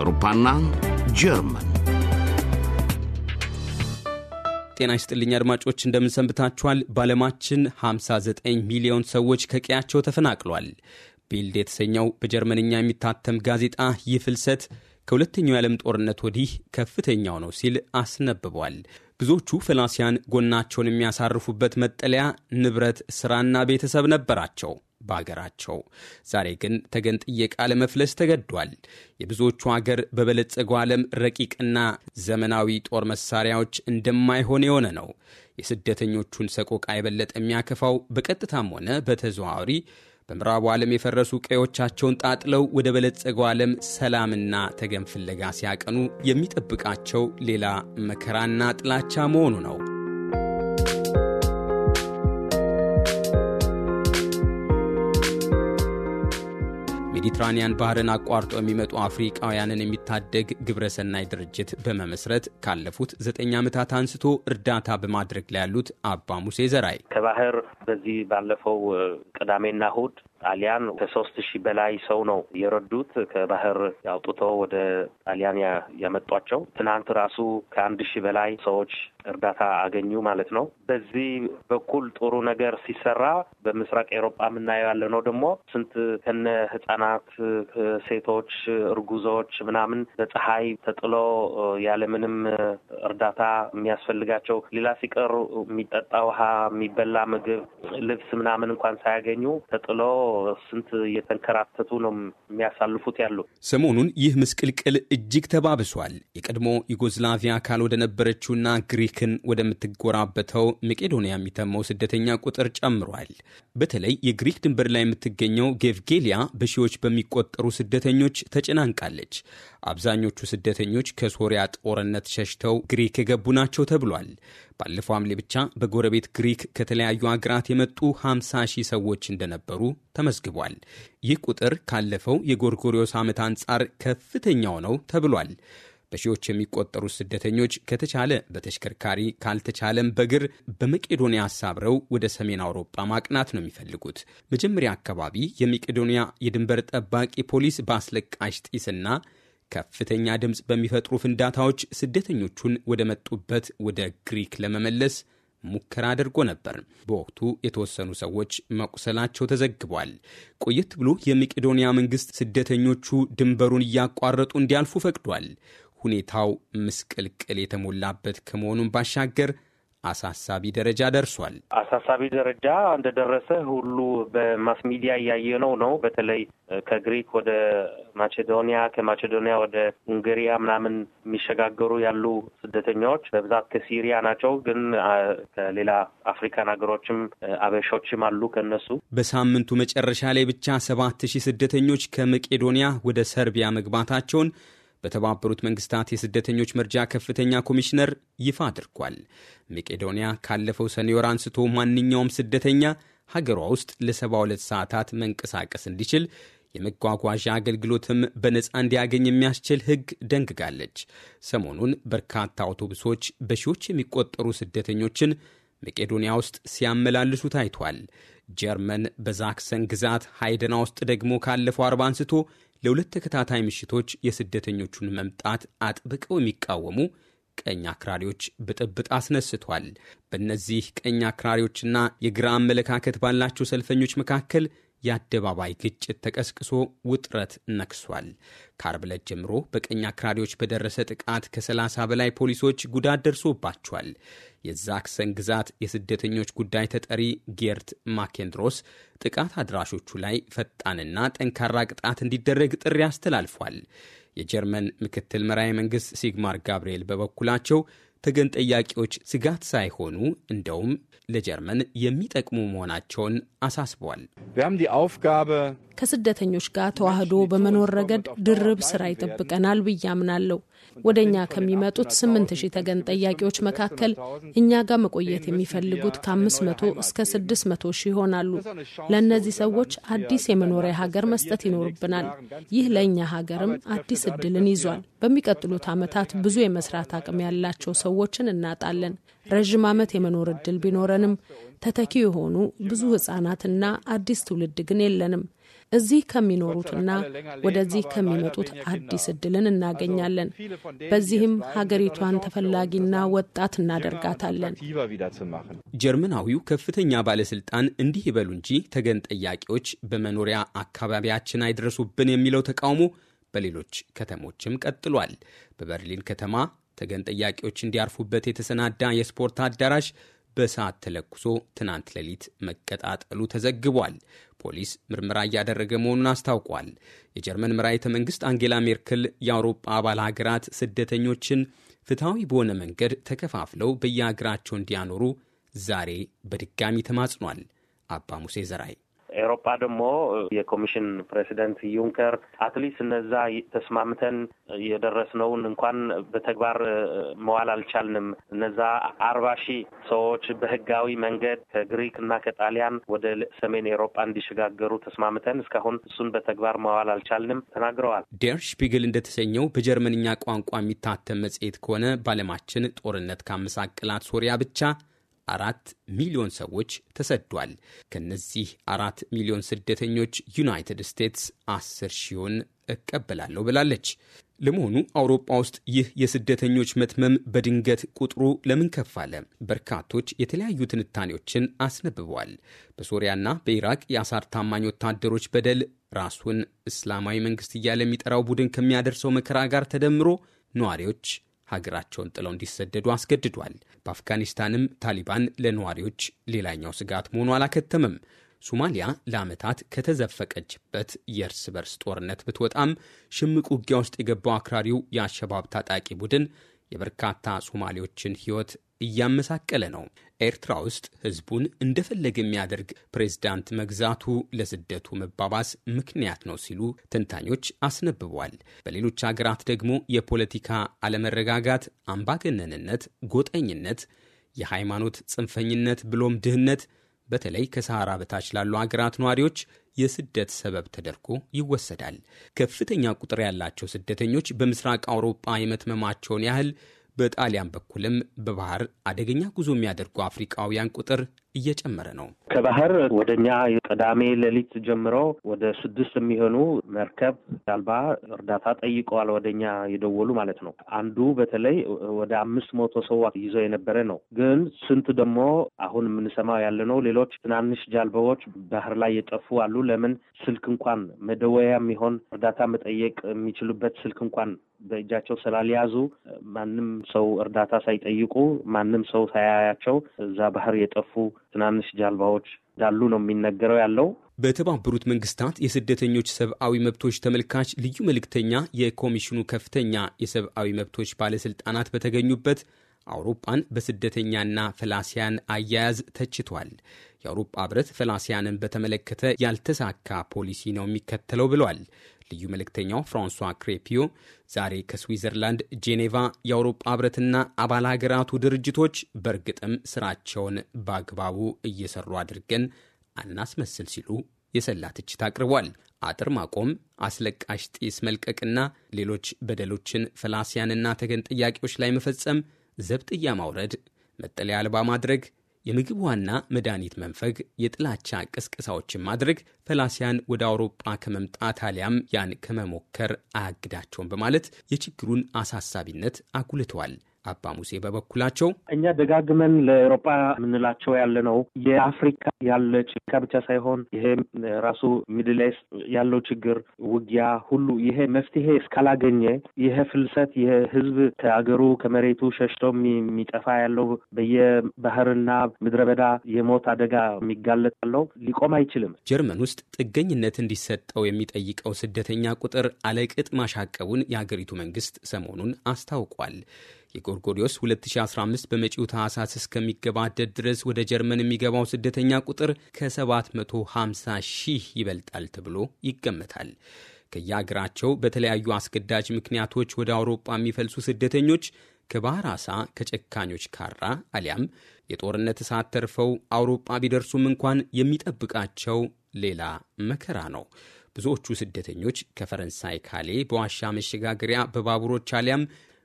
አውሮፓና ጀርመን ጤና ይስጥልኝ አድማጮች፣ እንደምንሰንብታችኋል። በዓለማችን 59 ሚሊዮን ሰዎች ከቀያቸው ተፈናቅሏል። ቢልድ የተሰኘው በጀርመንኛ የሚታተም ጋዜጣ ይህ ፍልሰት ከሁለተኛው የዓለም ጦርነት ወዲህ ከፍተኛው ነው ሲል አስነብቧል። ብዙዎቹ ፈላሲያን ጎናቸውን የሚያሳርፉበት መጠለያ፣ ንብረት፣ ሥራና ቤተሰብ ነበራቸው። በአገራቸው ዛሬ ግን ተገን ጥየቃ ለመፍለስ ተገዷል። የብዙዎቹ አገር በበለጸገው ዓለም ረቂቅና ዘመናዊ ጦር መሳሪያዎች እንደማይሆን የሆነ ነው። የስደተኞቹን ሰቆቃ የበለጠ የሚያከፋው በቀጥታም ሆነ በተዘዋዋሪ በምዕራቡ ዓለም የፈረሱ ቀዮቻቸውን ጣጥለው ወደ በለጸገው ዓለም ሰላምና ተገን ፍለጋ ሲያቀኑ የሚጠብቃቸው ሌላ መከራና ጥላቻ መሆኑ ነው። ሜዲትራኒያን ባህርን አቋርጦ የሚመጡ አፍሪቃውያንን የሚታደግ ግብረሰናይ ድርጅት በመመስረት ካለፉት ዘጠኝ ዓመታት አንስቶ እርዳታ በማድረግ ላይ ያሉት አባ ሙሴ ዘራይ ከባህር በዚህ ባለፈው ቅዳሜና እሁድ ጣሊያን ከሶስት ሺህ በላይ ሰው ነው የረዱት ከባህር አውጥተው ወደ ጣሊያን ያመጧቸው። ትናንት ራሱ ከአንድ ሺህ በላይ ሰዎች እርዳታ አገኙ ማለት ነው። በዚህ በኩል ጥሩ ነገር ሲሰራ በምስራቅ ኤሮጳ የምናየው ያለ ነው ደግሞ ስንት ከነ ህጻናት፣ ሴቶች፣ እርጉዞች ምናምን በፀሐይ ተጥሎ ያለምንም እርዳታ የሚያስፈልጋቸው ሌላ ሲቀር የሚጠጣ ውሃ፣ የሚበላ ምግብ፣ ልብስ ምናምን እንኳን ሳያገኙ ተጥሎ ስንት እየተንከራተቱ ነው የሚያሳልፉት ያሉ። ሰሞኑን ይህ ምስቅልቅል እጅግ ተባብሷል። የቀድሞ ዩጎዝላቪያ አካል ወደ ነበረችውና ግሪክን ወደምትጎራበተው መቄዶንያ የሚተመው ስደተኛ ቁጥር ጨምሯል። በተለይ የግሪክ ድንበር ላይ የምትገኘው ጌቭጌሊያ በሺዎች በሚቆጠሩ ስደተኞች ተጨናንቃለች። አብዛኞቹ ስደተኞች ከሶሪያ ጦርነት ሸሽተው ግሪክ የገቡ ናቸው ተብሏል። ባለፈው ሐምሌ ብቻ በጎረቤት ግሪክ ከተለያዩ አገራት የመጡ 50 ሺህ ሰዎች እንደነበሩ ተመዝግቧል። ይህ ቁጥር ካለፈው የጎርጎሪዮስ ዓመት አንጻር ከፍተኛው ነው ተብሏል። በሺዎች የሚቆጠሩ ስደተኞች ከተቻለ በተሽከርካሪ ካልተቻለም በግር በመቄዶንያ አሳብረው ወደ ሰሜን አውሮፓ ማቅናት ነው የሚፈልጉት። መጀመሪያ አካባቢ የመቄዶንያ የድንበር ጠባቂ ፖሊስ በአስለቃሽ ጢስና ከፍተኛ ድምፅ በሚፈጥሩ ፍንዳታዎች ስደተኞቹን ወደ መጡበት ወደ ግሪክ ለመመለስ ሙከራ አድርጎ ነበር። በወቅቱ የተወሰኑ ሰዎች መቁሰላቸው ተዘግቧል። ቆየት ብሎ የመቄዶንያ መንግስት ስደተኞቹ ድንበሩን እያቋረጡ እንዲያልፉ ፈቅዷል። ሁኔታው ምስቅልቅል የተሞላበት ከመሆኑን ባሻገር አሳሳቢ ደረጃ ደርሷል። አሳሳቢ ደረጃ እንደደረሰ ሁሉ በማስ ሚዲያ እያየነው ነው። በተለይ ከግሪክ ወደ ማቄዶኒያ፣ ከማቄዶኒያ ወደ ሁንገሪያ ምናምን የሚሸጋገሩ ያሉ ስደተኛዎች በብዛት ከሲሪያ ናቸው። ግን ከሌላ አፍሪካን ሀገሮችም አበሾችም አሉ። ከነሱ በሳምንቱ መጨረሻ ላይ ብቻ ሰባት ሺህ ስደተኞች ከመቄዶኒያ ወደ ሰርቢያ መግባታቸውን በተባበሩት መንግስታት የስደተኞች መርጃ ከፍተኛ ኮሚሽነር ይፋ አድርጓል። መቄዶንያ ካለፈው ሰኔ ወር አንስቶ ማንኛውም ስደተኛ ሀገሯ ውስጥ ለ72 ሰዓታት መንቀሳቀስ እንዲችል የመጓጓዣ አገልግሎትም በነፃ እንዲያገኝ የሚያስችል ሕግ ደንግጋለች። ሰሞኑን በርካታ አውቶቡሶች በሺዎች የሚቆጠሩ ስደተኞችን መቄዶንያ ውስጥ ሲያመላልሱ ታይቷል። ጀርመን በዛክሰን ግዛት ሃይደና ውስጥ ደግሞ ካለፈው አርባ አንስቶ ለሁለት ተከታታይ ምሽቶች የስደተኞቹን መምጣት አጥብቀው የሚቃወሙ ቀኝ አክራሪዎች ብጥብጥ አስነስቷል። በእነዚህ ቀኝ አክራሪዎችና የግራ አመለካከት ባላቸው ሰልፈኞች መካከል የአደባባይ ግጭት ተቀስቅሶ ውጥረት ነክሷል። ከአርብ ዕለት ጀምሮ በቀኝ አክራሪዎች በደረሰ ጥቃት ከ30 በላይ ፖሊሶች ጉዳት ደርሶባቸዋል። የዛክሰን ግዛት የስደተኞች ጉዳይ ተጠሪ ጌርት ማኬንድሮስ ጥቃት አድራሾቹ ላይ ፈጣንና ጠንካራ ቅጣት እንዲደረግ ጥሪ አስተላልፏል። የጀርመን ምክትል መራሄ መንግሥት ሲግማር ጋብርኤል በበኩላቸው ተገን ጠያቂዎች ስጋት ሳይሆኑ እንደውም ለጀርመን የሚጠቅሙ መሆናቸውን አሳስቧል። ከስደተኞች ጋር ተዋህዶ በመኖር ረገድ ድርብ ስራ ይጠብቀናል ብዬ አምናለሁ። ወደ እኛ ከሚመጡት ስምንት ሺህ ተገን ጠያቂዎች መካከል እኛ ጋር መቆየት የሚፈልጉት ከአምስት መቶ እስከ ስድስት መቶ ሺህ ይሆናሉ። ለእነዚህ ሰዎች አዲስ የመኖሪያ ሀገር መስጠት ይኖርብናል። ይህ ለእኛ ሀገርም አዲስ እድልን ይዟል። በሚቀጥሉት ዓመታት ብዙ የመስራት አቅም ያላቸው ሰዎችን እናጣለን። ረዥም ዓመት የመኖር እድል ቢኖረንም ተተኪ የሆኑ ብዙ ህጻናትና አዲስ ትውልድ ግን የለንም። እዚህ ከሚኖሩትና ወደዚህ ከሚመጡት አዲስ እድልን እናገኛለን። በዚህም ሀገሪቷን ተፈላጊና ወጣት እናደርጋታለን። ጀርመናዊው ከፍተኛ ባለስልጣን እንዲህ ይበሉ እንጂ ተገን ጠያቂዎች በመኖሪያ አካባቢያችን አይድረሱብን የሚለው ተቃውሞ በሌሎች ከተሞችም ቀጥሏል። በበርሊን ከተማ ተገን ጠያቂዎች እንዲያርፉበት የተሰናዳ የስፖርት አዳራሽ በሰዓት ተለኩሶ ትናንት ሌሊት መቀጣጠሉ ተዘግቧል። ፖሊስ ምርመራ እያደረገ መሆኑን አስታውቋል። የጀርመን መራሒተ መንግስት አንጌላ ሜርክል የአውሮፓ አባል ሀገራት ስደተኞችን ፍትሐዊ በሆነ መንገድ ተከፋፍለው በየሀገራቸው እንዲያኖሩ ዛሬ በድጋሚ ተማጽኗል። አባ ሙሴ ዘራይ ኤሮፓ ደግሞ የኮሚሽን ፕሬዚደንት ዩንከር አትሊስት እነዛ ተስማምተን የደረስነውን እንኳን በተግባር መዋል አልቻልንም። እነዛ አርባ ሺህ ሰዎች በህጋዊ መንገድ ከግሪክ እና ከጣሊያን ወደ ሰሜን ኤሮፓ እንዲሸጋገሩ ተስማምተን እስካሁን እሱን በተግባር መዋል አልቻልንም ተናግረዋል። ዴር ሽፒግል እንደተሰኘው በጀርመንኛ ቋንቋ የሚታተም መጽሔት ከሆነ በዓለማችን ጦርነት ካመሳቅላት ሶሪያ ብቻ አራት ሚሊዮን ሰዎች ተሰዷል። ከነዚህ አራት ሚሊዮን ስደተኞች ዩናይትድ ስቴትስ አስር ሺውን እቀበላለሁ ብላለች። ለመሆኑ አውሮፓ ውስጥ ይህ የስደተኞች መትመም በድንገት ቁጥሩ ለምን ከፍ አለ? በርካቶች የተለያዩ ትንታኔዎችን አስነብበዋል። በሶሪያና በኢራቅ የአሳር ታማኝ ወታደሮች በደል ራሱን እስላማዊ መንግስት እያለ የሚጠራው ቡድን ከሚያደርሰው መከራ ጋር ተደምሮ ነዋሪዎች ሀገራቸውን ጥለው እንዲሰደዱ አስገድዷል። በአፍጋኒስታንም ታሊባን ለነዋሪዎች ሌላኛው ስጋት መሆኑ አላከተምም። ሶማሊያ ለዓመታት ከተዘፈቀችበት የእርስ በርስ ጦርነት ብትወጣም ሽምቅ ውጊያ ውስጥ የገባው አክራሪው የአሸባብ ታጣቂ ቡድን የበርካታ ሶማሌዎችን ሕይወት እያመሳቀለ ነው። ኤርትራ ውስጥ ህዝቡን እንደፈለገ የሚያደርግ ፕሬዝዳንት መግዛቱ ለስደቱ መባባስ ምክንያት ነው ሲሉ ተንታኞች አስነብቧል። በሌሎች ሀገራት ደግሞ የፖለቲካ አለመረጋጋት፣ አምባገነንነት፣ ጎጠኝነት፣ የሃይማኖት ጽንፈኝነት ብሎም ድህነት በተለይ ከሰሃራ በታች ላሉ ሀገራት ነዋሪዎች የስደት ሰበብ ተደርጎ ይወሰዳል። ከፍተኛ ቁጥር ያላቸው ስደተኞች በምስራቅ አውሮፓ የመትመማቸውን ያህል በጣሊያን በኩልም በባህር አደገኛ ጉዞ የሚያደርጉ አፍሪቃውያን ቁጥር እየጨመረ ነው። ከባህር ወደ እኛ ቅዳሜ ሌሊት ጀምሮ ወደ ስድስት የሚሆኑ መርከብ አልባ እርዳታ ጠይቀዋል። ወደ እኛ የደወሉ ማለት ነው። አንዱ በተለይ ወደ አምስት መቶ ሰው ይዘው የነበረ ነው። ግን ስንት ደግሞ አሁን የምንሰማው ያለ ነው። ሌሎች ትናንሽ ጃልባዎች ባህር ላይ የጠፉ አሉ። ለምን ስልክ እንኳን መደወያ የሚሆን እርዳታ መጠየቅ የሚችሉበት ስልክ እንኳን በእጃቸው ስላልያዙ ማንም ሰው እርዳታ ሳይጠይቁ ማንም ሰው ሳያያቸው እዛ ባህር የጠፉ ትናንሽ ጀልባዎች እንዳሉ ነው የሚነገረው ያለው። በተባበሩት መንግስታት የስደተኞች ሰብአዊ መብቶች ተመልካች ልዩ መልእክተኛ የኮሚሽኑ ከፍተኛ የሰብአዊ መብቶች ባለስልጣናት በተገኙበት አውሮፓን በስደተኛና ፈላሲያን አያያዝ ተችቷል። የአውሮፓ ህብረት ፈላሲያንን በተመለከተ ያልተሳካ ፖሊሲ ነው የሚከተለው ብሏል። ልዩ መልእክተኛው ፍራንሷ ክሬፒዮ ዛሬ ከስዊዘርላንድ ጄኔቫ የአውሮፓ ህብረትና አባል ሀገራቱ ድርጅቶች በእርግጥም ስራቸውን በአግባቡ እየሰሩ አድርገን አናስመስል ሲሉ የሰላ ትችት አቅርቧል። አጥር ማቆም፣ አስለቃሽ ጢስ መልቀቅና ሌሎች በደሎችን ፈላሲያንና ተገን ጥያቄዎች ላይ መፈጸም፣ ዘብጥያ ማውረድ፣ መጠለያ አልባ ማድረግ የምግብ ዋና መድኃኒት መንፈግ፣ የጥላቻ ቅስቀሳዎችን ማድረግ ፈላሲያን ወደ አውሮጳ ከመምጣት አሊያም ያን ከመሞከር አያግዳቸውም በማለት የችግሩን አሳሳቢነት አጉልተዋል። አባ ሙሴ በበኩላቸው እኛ ደጋግመን ለአውሮፓ የምንላቸው ያለ ነው የአፍሪካ ያለ ችግር ብቻ ሳይሆን ይሄ ራሱ ሚድል ያለው ችግር ውጊያ ሁሉ ይሄ መፍትሄ እስካላገኘ ይሄ ፍልሰት ይሄ ህዝብ ከአገሩ ከመሬቱ ሸሽቶ የሚጠፋ ያለው በየባህርና ምድረ በዳ የሞት አደጋ የሚጋለጥ ያለው ሊቆም አይችልም። ጀርመን ውስጥ ጥገኝነት እንዲሰጠው የሚጠይቀው ስደተኛ ቁጥር አለቅጥ ማሻቀቡን የአገሪቱ መንግስት ሰሞኑን አስታውቋል። የጎርጎሪዮስ 2015 በመጪው ታህሳስ እስከሚገባደድ ድረስ ወደ ጀርመን የሚገባው ስደተኛ ቁጥር ከ750 ሺህ ይበልጣል ተብሎ ይገመታል። ከየአገራቸው በተለያዩ አስገዳጅ ምክንያቶች ወደ አውሮጳ የሚፈልሱ ስደተኞች ከባህር አሳ ከጨካኞች ካራ አሊያም የጦርነት እሳት ተርፈው አውሮጳ ቢደርሱም እንኳን የሚጠብቃቸው ሌላ መከራ ነው። ብዙዎቹ ስደተኞች ከፈረንሳይ ካሌ በዋሻ መሸጋገሪያ በባቡሮች አሊያም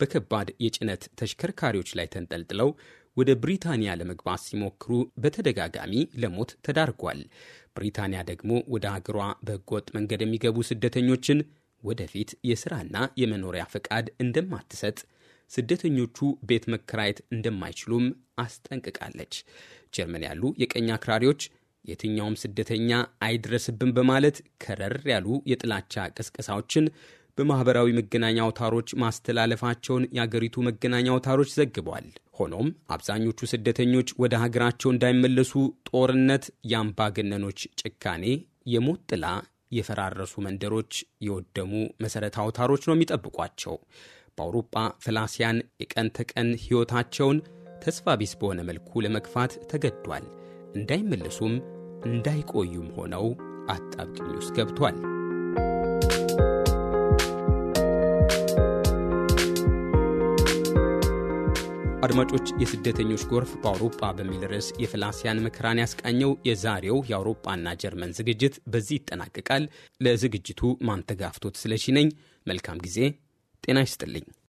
በከባድ የጭነት ተሽከርካሪዎች ላይ ተንጠልጥለው ወደ ብሪታንያ ለመግባት ሲሞክሩ በተደጋጋሚ ለሞት ተዳርጓል። ብሪታንያ ደግሞ ወደ አገሯ በህገወጥ መንገድ የሚገቡ ስደተኞችን ወደፊት የሥራና የመኖሪያ ፈቃድ እንደማትሰጥ ስደተኞቹ ቤት መከራየት እንደማይችሉም አስጠንቅቃለች። ጀርመን ያሉ የቀኝ አክራሪዎች የትኛውም ስደተኛ አይድረስብን በማለት ከረር ያሉ የጥላቻ ቅስቀሳዎችን በማኅበራዊ መገናኛ አውታሮች ማስተላለፋቸውን የአገሪቱ መገናኛ አውታሮች ዘግቧል። ሆኖም አብዛኞቹ ስደተኞች ወደ ሀገራቸው እንዳይመለሱ ጦርነት፣ የአምባገነኖች ጭካኔ፣ የሞት ጥላ፣ የፈራረሱ መንደሮች፣ የወደሙ መሠረተ አውታሮች ነው የሚጠብቋቸው። በአውሮጳ ፈላሲያን የቀን ተቀን ሕይወታቸውን ተስፋ ቢስ በሆነ መልኩ ለመግፋት ተገዷል። እንዳይመለሱም እንዳይቆዩም ሆነው አጣብቅኝ ውስጥ ገብቷል። አድማጮች፣ የስደተኞች ጎርፍ በአውሮፓ በሚል ርዕስ የፍላሲያን ምክራን ያስቃኘው የዛሬው የአውሮፓና ጀርመን ዝግጅት በዚህ ይጠናቀቃል። ለዝግጅቱ ማንተጋፍቶት ስለሺ ነኝ። መልካም ጊዜ። ጤና ይስጥልኝ።